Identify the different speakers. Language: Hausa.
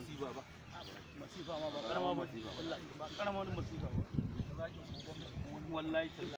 Speaker 1: musiba ba ma ba karama ba karama wani ba wallahi